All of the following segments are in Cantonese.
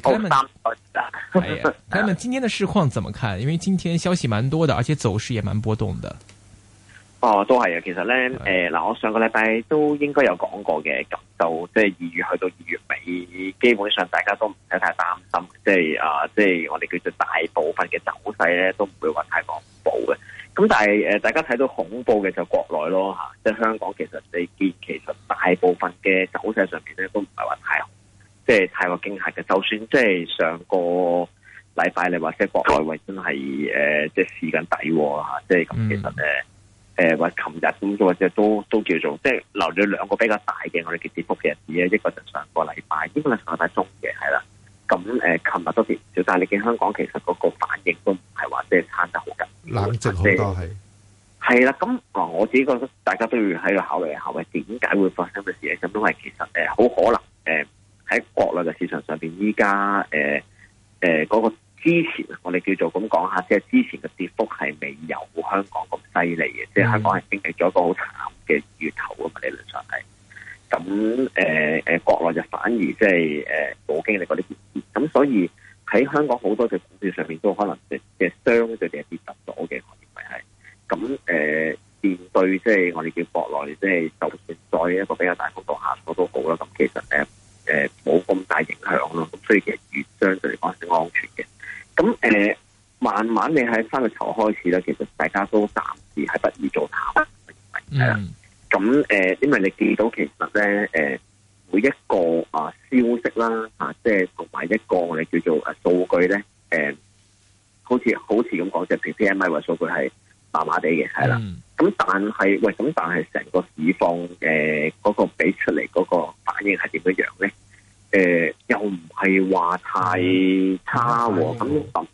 開、哎、係、哦哎、 今天的市況怎麼看？因為今天消息蠻多的，而且走勢也蠻波動的。哦，都係啊，其實呢，誒、嗯、嗱、呃，我上個禮拜都應該有講過嘅，就就是、到即係二月去到二月尾，基本上大家都唔使太擔心，即、就、係、是、啊，即、就、係、是、我哋叫做大部分嘅走勢呢，都唔會話太恐怖嘅。咁但係誒、呃，大家睇到恐怖嘅就國內咯吓，即、就、係、是、香港其實你見其實大部分嘅走勢上面咧都唔係話太恐怖。即係太過驚嚇嘅，就算即係上個禮拜你或者國外維真係誒、呃，即係蝕緊底吓，即係咁、嗯、其實咧，誒或琴日咁或者都都叫做即係留咗兩個比較大嘅我哋嘅跌幅嘅日子，一個就上個禮拜，一個係上個禮拜中嘅係啦。咁誒，琴日、嗯呃、都跌少，但係你見香港其實嗰個反應都唔係話即係差得好緊，冷靜好多係係啦。咁、嗯嗯、我自己覺得大家都要喺度考慮下，喂，點解會發生嘅事咧？咁因為其實誒，好、呃、可能誒。呃喺國內嘅市場上邊，依家誒誒嗰個之前，我哋叫做咁講下，即係之前嘅跌幅係未有香港咁犀利嘅，mm. 即係香港係經歷咗一個好慘嘅月頭啊嘛，理論上係。咁誒誒，國內就反而即係誒冇經歷過呢件事，咁所以喺香港好多隻股票上面都可能即即係相對地係跌跌跌咗嘅，我認為係。咁誒面對即係我哋叫國內，即係就算再一個比較大幅度下挫都好啦。咁其實誒。誒，冇咁大影響咯，所以其實越相對嚟講係安全嘅。咁誒、呃，慢慢你喺三月頭開始咧，其實大家都暫時係不宜做淡，係啦。咁誒，因為你見到其實咧，誒、呃，每一個啊消息啦，即係同埋一個我哋叫做誒數、啊、據咧，誒、啊，好似好似咁講就 PMI 或數據係麻麻地嘅，係啦。嗯咁但係喂，咁但係成個市況嘅嗰個俾出嚟嗰個反應係點樣咧？誒、呃，又唔係話太差喎。咁咁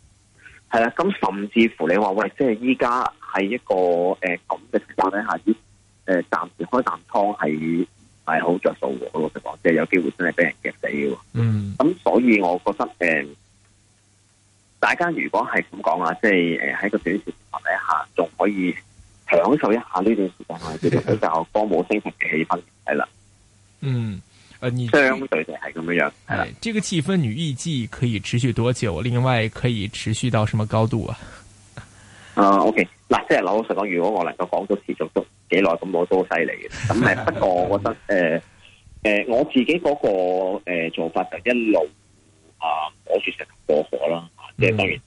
係啦，咁、嗯嗯、甚至乎你話喂，即係依家喺一個誒咁嘅情況底下，誒、呃、暫時開啖湯係係好着數嘅。老實講，即係有機會真係俾人夾死嘅。嗯。咁所以我覺得誒、呃，大家如果係咁講啊，即係誒喺個短線情況底下仲可以。享受一下呢段時間，係比較歌舞升平嘅氣氛係啦。嗯，誒，相對地係咁樣樣係啦。呢個氣氛你預計可以持續多久？另外可以持續到什麼高度啊？啊，OK，嗱，即係老實講，如果我能夠講到持續都幾耐咁，咁我都好犀利嘅。咁誒，不過我覺得誒誒，我自己嗰個誒做法就一路啊，我算食過河啦。即係當然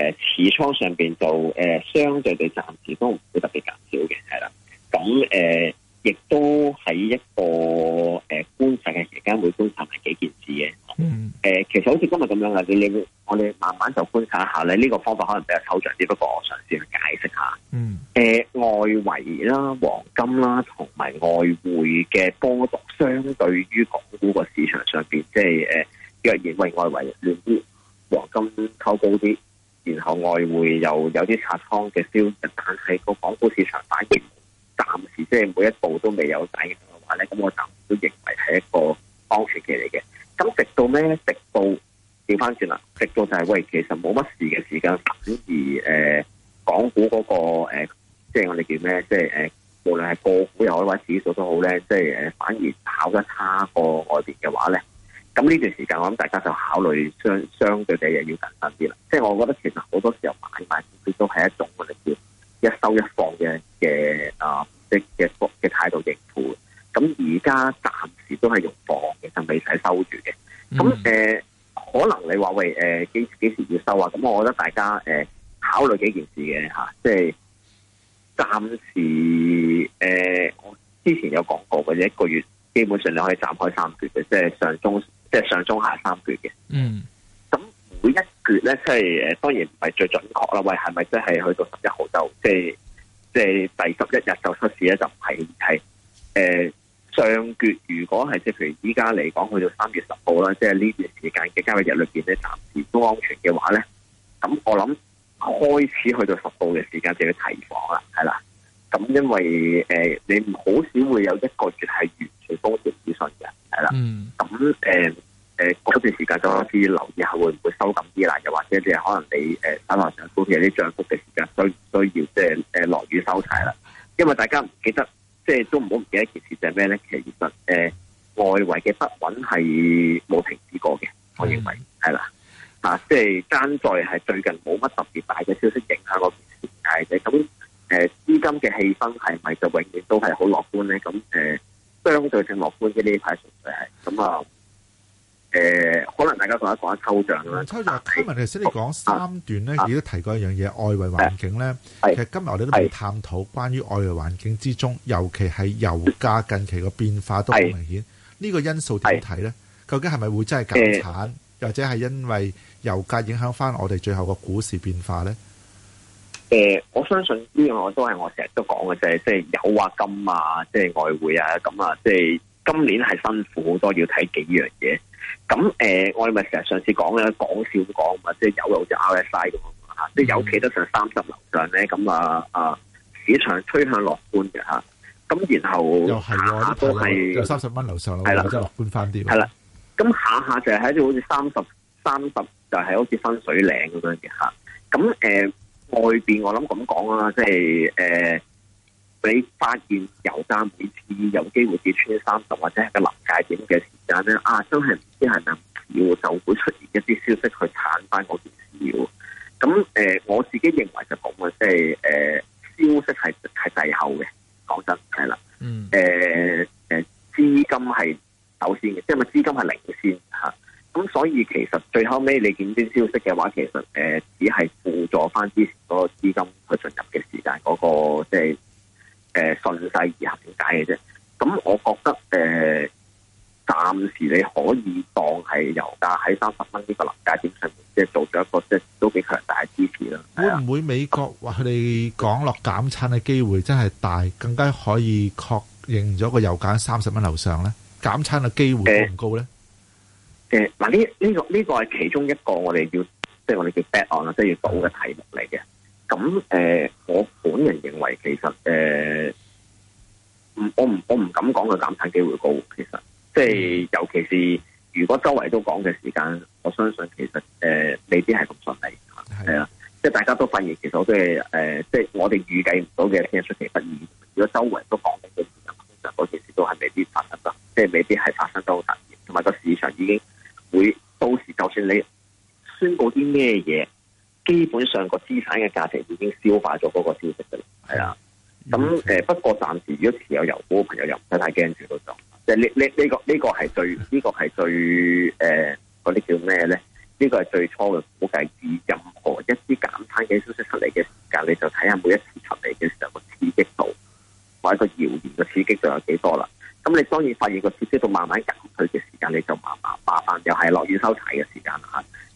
誒、呃，持倉上邊就誒、呃，相對地暫時都唔會特別減少嘅，係啦。咁誒，亦、呃、都喺一個誒、呃、觀察嘅時間會觀察埋幾件事嘅。誒、嗯呃，其實好似今日咁樣啦，你你我哋慢慢就觀察一下咧。呢、這個方法可能比較抽象，只不過我嘗試去解釋下。嗯。誒、呃，外圍啦、黃金啦同埋外匯嘅波動，相對於港股個市場上邊，即係誒、呃，若然為外圍亂啲，黃金溝高啲。然後外匯又有啲拆倉嘅消息，但係個港股市場反應暫時即係每一步都未有底嘅話咧，咁我暫時都認為係一個安全嘅嚟嘅。咁直到咩？直到調翻轉啦，直到就係、是、喂，其實冇乜事嘅時間，反而誒、呃、港股嗰、那個誒、呃，即係我哋叫咩？即係誒、呃，無論係個股又或者指數都好咧，即係誒、呃、反而跑得差過外邊嘅話咧，咁呢段時間，我諗大家就考慮相相對地又要謹慎啲啦。即係我覺得其實好多時候買賣佢都係一種我哋叫一收一放嘅嘅啊，即嘅嘅態度應付。咁而家暫時都係用放嘅，就未使收住嘅。咁、嗯、誒、呃，可能你話喂誒幾幾時要收啊？咁我覺得大家誒、呃、考慮幾件事嘅嚇、啊，即係暫時誒，我、呃、之前有講過嘅，一個月基本上你可以斬開三段嘅，即係上中。即係上中下三決嘅，嗯，咁每一決咧即係誒，當然唔係最準確啦。喂，係咪即係去到十一號就即係即係第十一日就出事咧、呃？就唔係係誒上決？如果係即譬如依家嚟講去到三月十號啦，即係呢段時間嘅交易日裏邊咧暫時都安全嘅話咧，咁我諗開始去到十號嘅時間就要提防啦，係啦。咁因為誒、呃，你好少會有一個月係完全多跌指訊嘅，係啦。咁誒誒，嗰、呃、段時間就開始留意下會唔會收緊啲啦，又或者即係可能你誒，可能想沽嘅啲漲幅嘅時間需唔需要即係誒落雨收柴啦。因為大家唔記得，即係都唔好唔記得一件事就係咩咧？其實誒、呃，外圍嘅不穩係冇停止過嘅。我認為係啦、mm. 啊，即係爭在係最近冇乜特別大嘅消息影響嗰件事嘅咁。誒，資金嘅氣氛係咪就永遠都係好樂觀咧？咁、嗯、誒，相對性樂觀嘅呢一排誒，咁、嗯、啊，誒、嗯，可能大家仲喺講下抽象咁抽象，今日頭先你講三段咧，亦都提過一樣嘢，啊啊，外圍環境咧，其實今日我哋都未探討關於外圍環境之中，尤其係油價近期個變化都好明顯。呢、呢個因素點睇咧？究竟係咪會真係減產，啊，或者係因為油價影響翻我哋最後個股市變化咧？誒、呃，我相信呢樣我都係我成日都講嘅，就係即係油啊、金啊、即係外匯啊，咁啊，即係今年係辛苦好多，要睇幾樣嘢。咁誒、呃，我哋咪成日上次講嘅講笑講，嘛，即係油好似 RSI 咁嘛，即係有企得上三十樓上咧，咁啊啊，市場趨向樂觀嘅吓。咁、啊、然後又、哦、下下都係三十蚊樓上，係啦，即係樂觀翻啲。係啦，咁下，下下就係喺度好似三十三十，就係好似分水嶺咁樣嘅吓。咁、呃、誒。外邊我諗咁講啊，即係誒，你發現油站每次有機會跌穿三十或者係個臨界點嘅時間咧，啊，真係唔知係咪要就會出現一啲消息去撐翻嗰件事咁，誒、呃，我自己認為就講啊，即係誒，消息係係滯後嘅，講真係啦，嗯，誒、呃、誒，資金係首先嘅，即係咪資金係零先吓。咁所以其實最後尾你見啲消息嘅話，其實誒、呃、只係輔助翻之前嗰個資金去進入嘅時間嗰、那個即係誒順勢而行的解嘅啫。咁我覺得誒、呃、暫時你可以當係油價喺三十蚊呢個臨界點上面，即係做咗一個即係都幾強大嘅支持啦。會唔會美國話佢哋講落減產嘅機會真係大，更加可以確認咗個油價三十蚊樓上咧？減產嘅機會很高唔高咧？欸誒、這個，嗱呢呢個呢個係其中一個我哋要，即係我哋叫 bad 案啦，即係要補嘅題目嚟嘅。咁誒、呃，我本人認為其實誒，唔、呃、我唔我唔敢講佢減產機會高。其實，即係尤其是如果周圍都講嘅時間，我相信其實誒、呃、未必係咁順利。係啊、呃，即係大家都發現，其實都係誒，即係我哋預計唔到嘅嘢，出其不意。如果周圍都講緊嘅時間，其實嗰件事都係未必發生得，即係未必係發生得好突然，同埋個市場已經。你宣布啲咩嘢？基本上個資產嘅價值已經消化咗嗰個消息噶啦，係啊。咁誒，不過暫時如果持有油股嘅、那個、朋友又唔使太驚住嗰種，即係、這個這個這個呃那個、呢呢呢、這個呢個係最呢個係最誒嗰啲叫咩咧？呢個係最初嘅估計，以任何一啲簡單嘅消息出嚟嘅時間，你就睇下每一次出嚟嘅時候個刺激度，或者一個謠言嘅刺激度仲有幾多啦。咁你當然發現個刺激度慢慢減去嘅時間，你就慢，慢。麻煩又係落雨收睇嘅時間，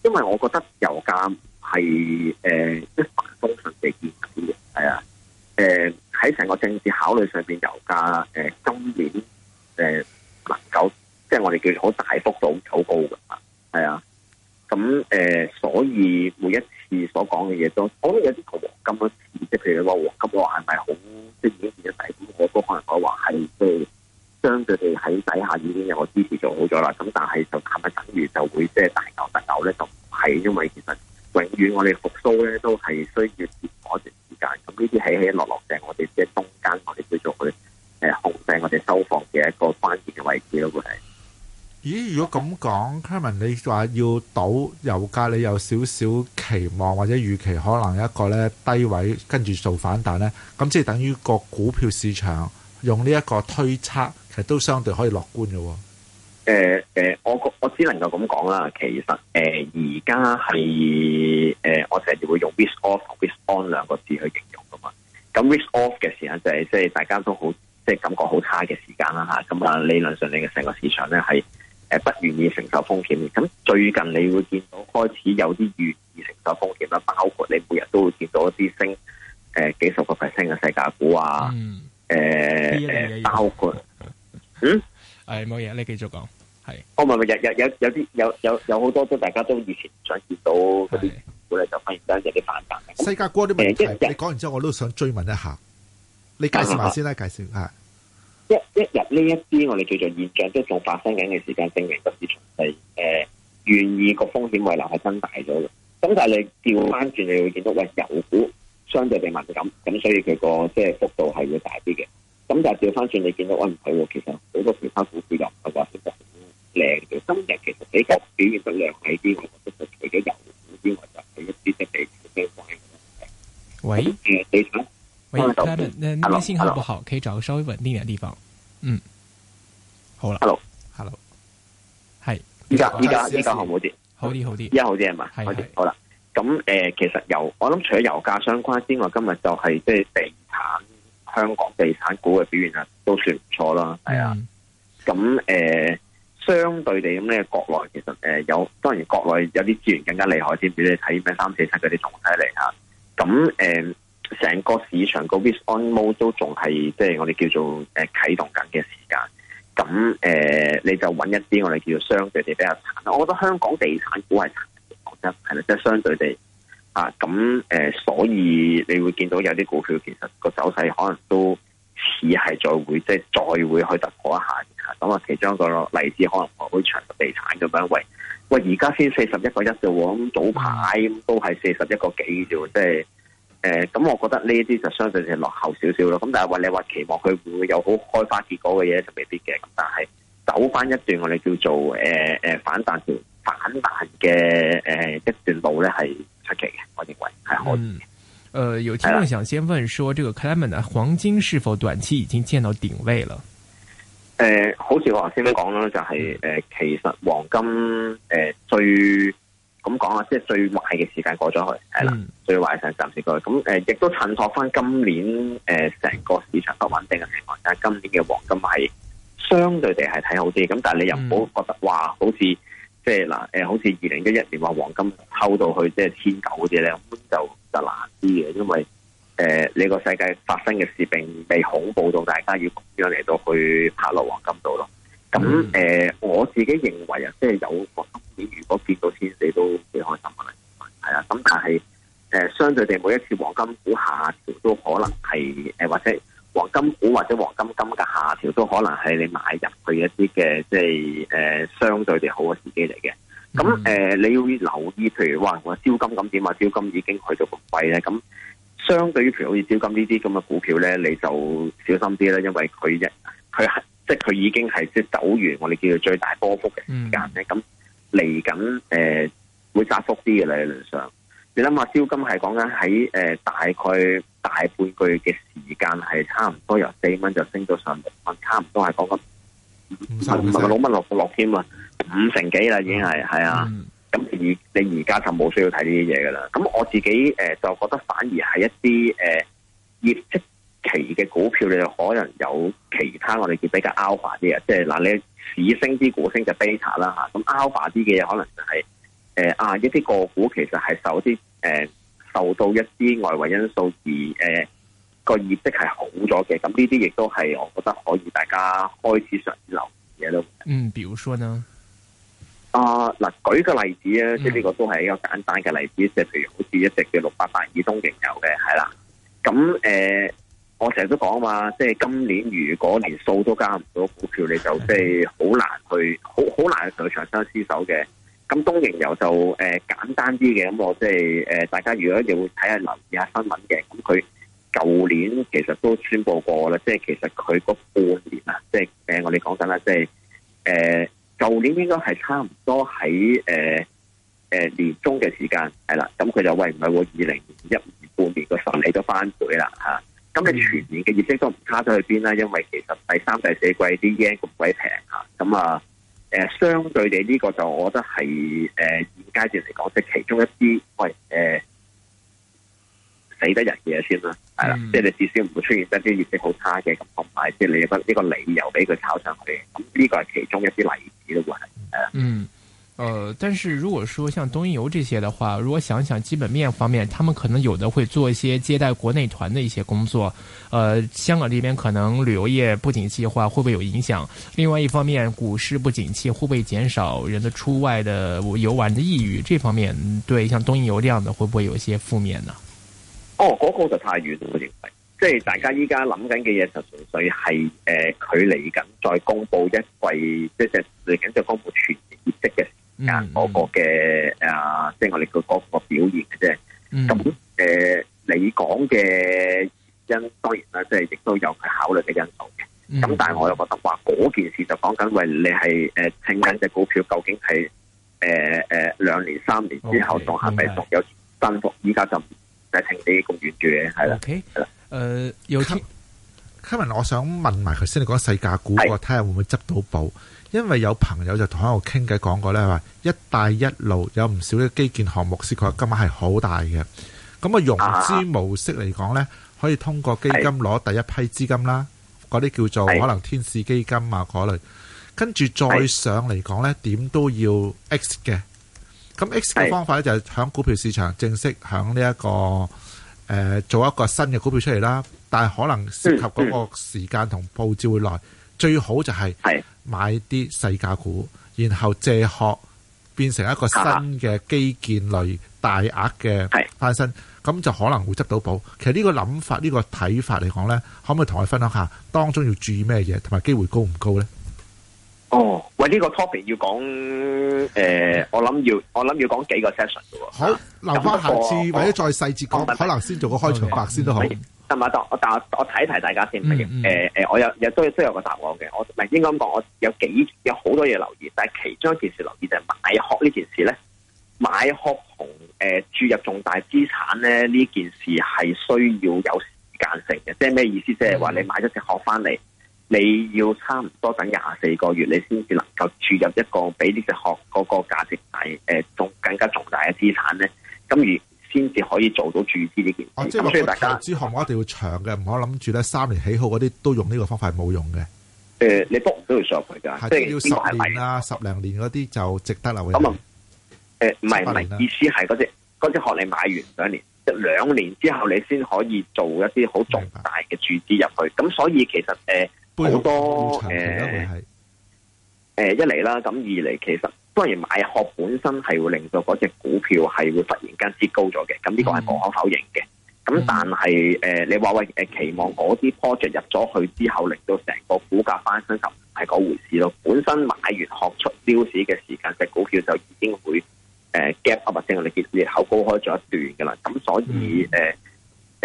因為我覺得油價係誒即係反攻上嚟嘅，係啊，誒喺成個政治考慮上邊，油價誒、呃、今年誒、呃、能夠即係我哋叫做好大幅度走高嘅，係啊，咁、呃、誒所以每一次所講嘅嘢都，我有啲。我哋復蘇咧都係需要一段時間，咁呢啲起起落落就係我哋即係中間，我哋叫做佢誒控制我哋收放嘅一個關鍵嘅位置咯，佢係。咦？如果咁講，Kevin，你話要賭油價，你有少少期望或者預期，可能一個咧低位跟住做反彈咧，咁即係等於個股票市場用呢一個推測，其實都相對可以樂觀嘅喎。誒、呃、誒、呃，我我只能夠咁講啦。其實誒，而家係誒，我成日就會用 risk off 同 risk on 兩個字去形容噶嘛。咁 risk off 嘅時間就係、是、即係大家都好即係感覺好差嘅時間啦吓。咁啊理論上你嘅成個市場咧係誒不願意承受風險。咁最近你會見到開始有啲願意承受風險啦，包括你每日都會見到一啲升誒、呃、幾十個 percent 嘅世界股啊。嗯。誒、呃、誒、啊啊，包括嗯。係冇嘢，你繼續講。係，我唔係日日有有啲有有有好多都大家都以前想見到嗰啲，本嚟就忽然間有啲反彈。西加哥啲問題，呃、你講完之後、呃、我都想追問一下。你介紹下先啦，介紹下。嗯嗯、紹一下、嗯嗯嗯嗯、這一日呢一啲我哋叫做現象，即係仲發生緊嘅時間，證明特別詳細。誒、呃，願意個風險遺流係增大咗嘅。咁但係你調翻轉，你會見到喂，油、呃、股相對地敏感，咁所以佢個即係幅度係會大啲嘅。咁但係掉翻轉，你見到我仔喎，其實好多很其他股票又唔係話變得好靚嘅。今日其實比較表現得靚仔啲，都係除咗油呢啲或者一啲質地比較貴嘅。喂，嗯、喂喂好，好，信號不好，可以找個稍微穩定嘅地方。嗯，好啦，hello，hello，係，依家依家依家好唔好啲，好啲好啲，依家好啲係嘛？係，好啦，咁誒，其實油，我諗除咗油價相關之外，今日就係即係地產。好香港地產股嘅表現啊，都算唔錯啦，係啊。咁誒、呃，相對地咁咧，國內其實誒有、呃，當然國內有啲資源更加厲害先俾你睇咩三四七嗰啲重體嚟啊。咁誒，成、呃、個市場個 response 都仲係即係我哋叫做誒啟動緊嘅時間。咁誒、呃，你就揾一啲我哋叫做相對地比較殘。我覺得香港地產股係殘得嚟，係啦，即、就、係、是、相對地啊。咁誒、呃，所以你會見到有啲股票其實個走勢可能。 再會，即係再會去突破一下咁啊，其中一個例子可能我會長實地產咁樣為，喂而家先四十一個一兆，咁早排都係四十一個幾兆。即係誒咁，呃、我覺得呢啲就相信就落後少少咯。咁但係話你話期望佢會唔會有好開花結果嘅嘢就未必嘅。咁但係走翻一段我哋叫做誒誒、呃、反彈條反彈嘅誒一段路咧係出奇嘅，我認為係可以。誒、呃，有聽眾想先問，說這個 Clement 黃金是否短期已經見到頂位了？誒、呃，好似我頭先都講咯，就係、是、誒、嗯呃，其實黃金誒、呃、最咁講啊，即係最壞嘅時間過咗去係啦、嗯，最壞嘅時間暫時過去咁。誒、嗯，亦、呃、都襯托翻今年誒成、呃、個市場不穩定嘅情況，但係今年嘅黃金係相對地係睇好啲。咁但係你又唔好覺得話好似即係嗱，誒、嗯，好似二零一一年話黃金偷到去即係千九嗰啲咧，是就。就難啲嘅，因為誒呢、呃這個世界發生嘅事並未恐怖到大家要咁樣嚟到去拍落黃金度咯。咁誒、呃，我自己認為啊，即係有黃金股如果跌到千四都幾開心噶啦，係啊。咁但係誒、呃，相對地每一次黃金股下調都可能係誒或者黃金股或者黃金金嘅下調都可能係你買入去一啲嘅即係誒、呃、相對地好嘅時機嚟嘅。咁誒、呃，你要留意，譬如話我招金咁點啊？招金已經去到咁貴咧，咁相對於譬如好似招金呢啲咁嘅股票咧，你就小心啲啦。因為佢一佢即係佢已經係即走完我哋叫做最大波幅嘅時間咧，咁嚟緊誒會窄幅啲嘅理論上，你諗下招金係講緊喺誒大概大半個月嘅時間係差唔多由四蚊就升到上六蚊，差唔多係講緊五十五蚊落落添啊！五成幾啦，已經係係、嗯、啊，咁、嗯、而你而家就冇需要睇呢啲嘢噶啦。咁我自己誒、呃、就覺得反而係一啲誒、呃、業績期嘅股票就可能有其他我哋叫比較 alpha 啲啊，即係嗱你市升啲股升就 beta 啦吓，咁 alpha 啲嘅嘢可能就係、是、誒、呃、啊一啲個股其實係受誒、呃、受到一啲外圍因素而誒個、呃、業績係好咗嘅，咁呢啲亦都係我覺得可以大家開始上留意咯。嗯，比如說呢？啊嗱，舉個例子啊，即係呢個都係一個簡單嘅例子，即係譬如好似一隻嘅六八八二東瀛油嘅，係啦。咁誒、呃，我成日都講嘛，即係今年如果連數都加唔到股票，你就即係好難去好好難去同佢長相廝守嘅。咁東瀛油就誒、呃、簡單啲嘅，咁我即係誒，大家如果要睇下留意下新聞嘅，咁佢舊年其實都宣布過啦，即係其實佢嗰半年啊，即係誒、呃，我哋講緊啦，即係誒。呃舊年應該係差唔多喺，誒誒年中嘅時間係啦，咁佢就喂，唔係我二零一五年半年個神起都翻水啦吓，咁你全年嘅業績都唔差得去邊啦，因為其實第三第四季啲嘢咁鬼平啊，咁，啊誒相對地呢個就我覺得係誒、呃、現階段嚟講，即係其中一啲喂誒。呃呃你得人嘢先啦、啊，係啦、嗯，即係你至少唔會出現一啲業績好差嘅，咁。同埋即係你不呢個理由俾佢炒上去，咁、這、呢個係其中一啲例子咯。嗯，呃，但是如果說像東瀛遊這些的話，如果想想基本面方面，他們可能有的會做一些接待國內團的一些工作。呃，香港呢邊可能旅遊業不景氣嘅話，會不會有影響？另外一方面，股市不景氣，會不會減少人的出外的遊玩的意欲？這方面，對，像東瀛遊這樣的，會不會有一些負面呢？哦，嗰、那個就太遠了，我認為，即係大家依家諗緊嘅嘢就純粹係誒、呃、距離緊再公布一季，就是、即係即係緊緊再公布全年業績嘅時間嗰個嘅、嗯嗯、啊，即係我哋個表現嘅啫。咁、嗯、誒、呃，你講嘅原因當然啦，即係亦都有佢考慮嘅因素嘅。咁、嗯、但係我又覺得話嗰件事就講緊喂，你係誒聽緊隻股票究竟係誒誒兩年三年之後仲係咪仲有增幅？依、okay, 家就不睇停啲公寓住嘅係啦。OK，誒有 Kevin，我想問埋佢先。你講世界股，我睇下會唔會執到寶？因為有朋友就同我傾偈講過呢，話一帶一路有唔少嘅基建項目，涉及金額係好大嘅。咁啊，融資模式嚟講呢，可以通過基金攞第一批資金啦。嗰啲叫做可能天使基金啊嗰類，跟住再上嚟講呢，點都要 X 嘅。咁 X 嘅方法咧，就係喺股票市場正式響呢一個誒、呃、做一個新嘅股票出嚟啦，但係可能涉及嗰個時間同報紙會耐、嗯，最好就係買啲細價股，然後借殼變成一個新嘅基建類大額嘅翻身，咁、啊、就可能會執到寶。其實呢個諗法、呢、這個睇法嚟講呢，可唔可以同我哋分享下？當中要注意咩嘢，同埋機會高唔高呢？哦，喂，呢、這個 topic 要講誒、呃，我諗要我諗要講幾個 session 嘅。好，留翻下，下次，或者再細節講，嗯、可能先做個開場白先都好。係、嗯、但、嗯嗯嗯嗯嗯、但我睇一睇大家先，唔誒誒，我有有都都有，都有個答案嘅。我明應該咁講，我有幾有好多嘢留意，但係其中一件事留意就係、是、買殼呢件事咧，買殼同誒注入重大資產咧呢件事係需要有時間性嘅。即係咩意思？即係話你買咗隻殼翻嚟。你要差唔多等廿四個月，你先至能夠注入一個比呢隻殼嗰個價值大誒、重更加重大嘅資產咧，咁而先至可以做到注資呢件事。哦、啊，即係大家注項目一定要長嘅，唔好諗住咧三年起好嗰啲都用呢個方法係冇用嘅。誒、呃，你都唔到要上去㗎，即係要十年啦？十零年嗰，啊、啲就值得留嘅。咁、呃、啊，誒，唔係唔係，意思係嗰隻嗰隻殼你買完兩年，即兩年之後你先可以做一啲好重大嘅注資入去。咁所以其實誒。呃好多誒誒、呃呃呃、一嚟啦，咁二嚟其實當然買殼本身係會令到嗰隻股票係會突然間跌高咗嘅，咁、嗯、呢個係無可否認嘅。咁但係誒、嗯呃，你話為誒期望嗰啲 project 入咗去之後，令到成個股價翻身就唔係嗰回事咯。本身買完殼出標市嘅時間，隻股票就已經會誒 gap 啊，或者係你裂口高開咗一段㗎啦。咁所以誒。嗯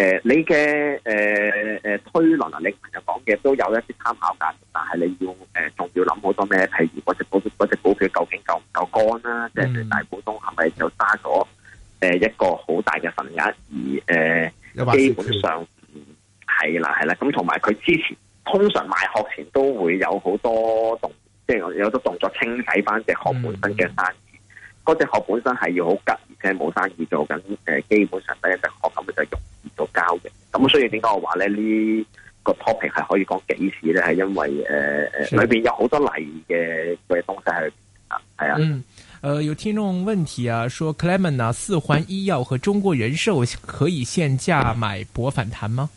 誒、呃，你嘅誒誒推論啊，你朋友講嘅都有一啲參考價值，但係你要誒仲、呃、要諗好多咩，譬如嗰隻嗰隻股票究竟夠唔夠乾啦，啊嗯，即係大股東係咪就揸咗誒一個好大嘅份額，而誒、呃、基本上係啦係啦，咁同埋佢之前通常賣殼前都會有好多動，即係有好多動作清洗翻隻殼本身嘅底，嗯嗯我隻學本身係要好急，而且冇生意做緊，誒，基本上第一日學咁就容易到交嘅。咁所以點解我話咧呢、這個 topic 係可以講幾次咧？係因為誒誒、呃，裏邊有好多例嘅嘅東西喺裏邊啊。嗯，誒、呃，有聽眾問題啊，說 Clement 啊，四環醫藥和中國人壽可以限價買博反彈嗎？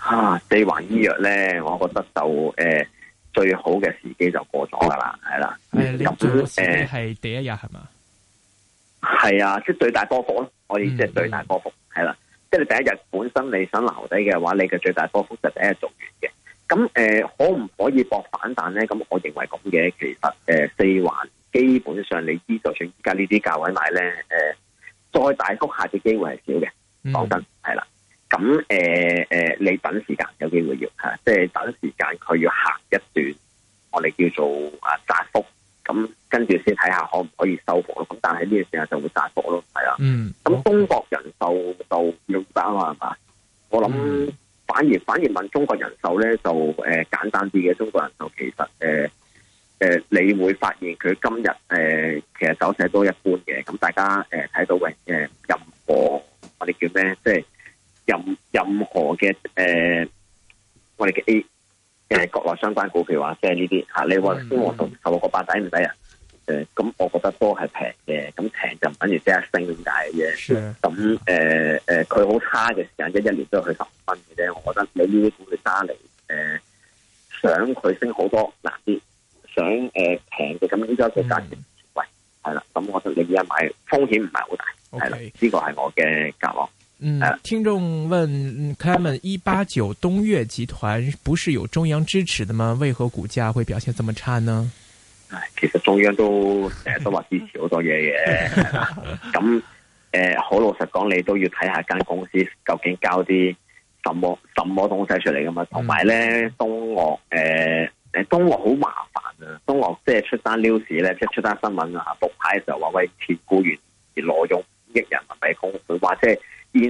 啊，四環醫藥咧，我覺得就誒、呃、最好嘅時機就過咗噶啦，係啦。誒、嗯，呢股誒係第一日係嘛？嗯係啊，即、就是、最大波幅咯，可以即最大波幅係啦，嗯嗯啊。即你第一日本身你想留底嘅話，你嘅最大波幅就第一日做完嘅。咁誒、呃，可唔可以搏反彈咧？咁我認為咁嘅，其實誒、呃、四環基本上你知道，就算而家呢啲價位買咧，誒、呃、再大幅下跌機會係少嘅。講真係啦，咁誒誒，你等時間有機會要吓、啊，即係等時間佢要行一段，我哋叫做啊窄幅。咁跟住先睇下可唔可以收伏咯，咁但係呢個時候就會大波咯，係啊，嗯。咁、嗯、中國人壽就二百啊嘛，我諗反而反而問中國人壽咧就誒、呃、簡單啲嘅中國人壽其實誒誒、呃呃、你會發現佢今日誒、呃、其實走勢都一般嘅，咁大家誒睇、呃、到嘅誒、呃、任何我哋叫咩即係任任何嘅誒、呃、我哋叫。誒，國內相關股票啊，即係呢啲吓，你話我望同投個八仔唔使啊？誒，咁我覺得都係平嘅，咁平就唔等於即刻升咁大嘅？咁誒誒，佢好、呃呃、差嘅時間，一一年都係去十分嘅啫。我覺得你呢啲股你揸嚟誒，想佢升好多難啲，想誒平嘅咁，依家嘅價錢、嗯，喂，係啦，咁我覺得你而家買風險唔係好大，係、okay. 啦，呢個係我嘅夾落。嗯，聽眾問 Clement 一八九東嶽集團不是有中央支持的嗎？為何股價會表現這麼差呢？其實中央都成日、呃、都話支持多的、 呃、好多嘢嘅，咁誒好老實講，你都要睇下一間公司究竟交啲什麼什麼東西出嚟噶嘛。同埋咧，東嶽誒誒、呃、東嶽好麻煩啊，東嶽即係出單 news 咧，即係出單新聞啊，復牌嘅時候話喂，持股員挪用億人民幣公款，話即係。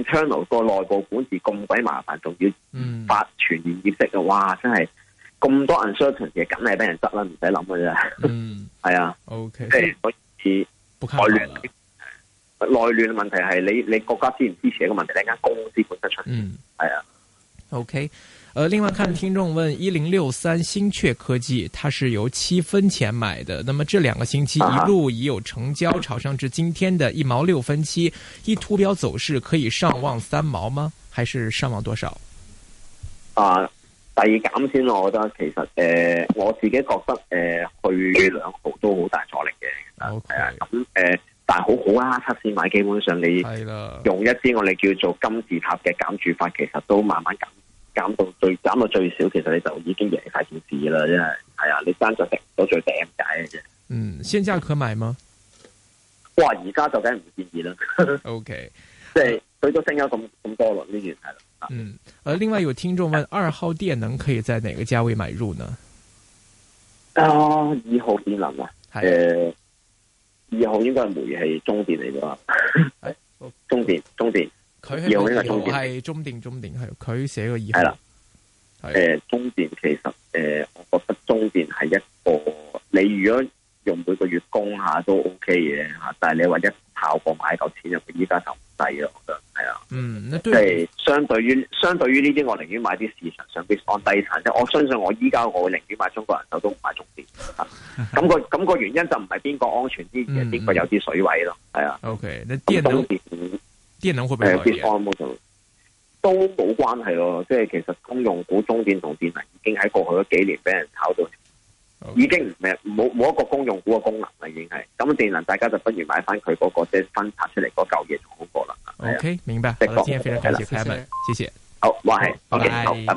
channel 個內部管治咁鬼麻煩，仲要發全年業績嘅，哇！真係咁多 uncertainty 嘢，梗係俾人執啦，唔使諗噶啦。嗯，係啊。O K，所以內亂，內亂嘅問題係你你國家支唔支持一個問題，你一間公司管得出。嗯、mm.，係啊。O K。呃，另外看聽眾問一零六三新雀科技，它是由七分錢買的，那麼這兩個星期一路已有成交，啊、炒上至今天的一毛六分七，一圖表走勢可以上望三毛嗎？還是上望多少？啊，第二減先，我覺得其實誒、呃，我自己覺得誒、呃，去兩毫都好大阻力嘅，係啊，咁誒，但係好好啊，七先買，基本上你用一啲我哋叫做金字塔嘅減注法，其實都慢慢減。減到最減到最少，其實你就已經贏晒件事啦，因係係啊！你翻咗頂，食唔到最頂咁解嘅啫。嗯，現價可買嗎？哇！而家就梗唔建議啦。OK，即係佢都升咗咁咁多咯，呢件係啦。嗯、啊，而另外有聽眾問：二、啊、號電能可以在哪個價位買入呢？啊，二號電能啊，係、呃、二號應該係煤氣中電嚟嘅嘛？中電中電。佢用嘅係中電，中電、啊，係佢寫個意思係啦。誒，中電其實誒、呃，我覺得中電係一個你如果用每個月供下、啊、都 OK 嘅吓，但係你話一炒過買嚿錢入邊，依家就唔低抵嘅，我覺得係啊。嗯，即係、就是、相對於相對於呢啲，我寧願買啲市場上邊按低產，即我相信我依家我寧願買中國人壽都唔買中電吓。咁、啊那個咁、那個原因就唔係邊個安全啲，嘅、嗯，係邊個有啲水位咯。係啊，OK，你啲人中電、嗯誒、啊，跌翻冇錯，都冇關係咯、哦。即係其實公用股、中電同電能已經喺過去幾年俾人炒到了，okay. 已經唔係，冇冇一個公用股嘅功能啦。已經係咁，電能大家就不如買翻佢、嗰個即係分拆出嚟嗰舊嘢仲好過啦。O、okay, K，、啊、明白，的確。今天非常感謝先生，謝謝。好，拜拜，O K，好，拜拜。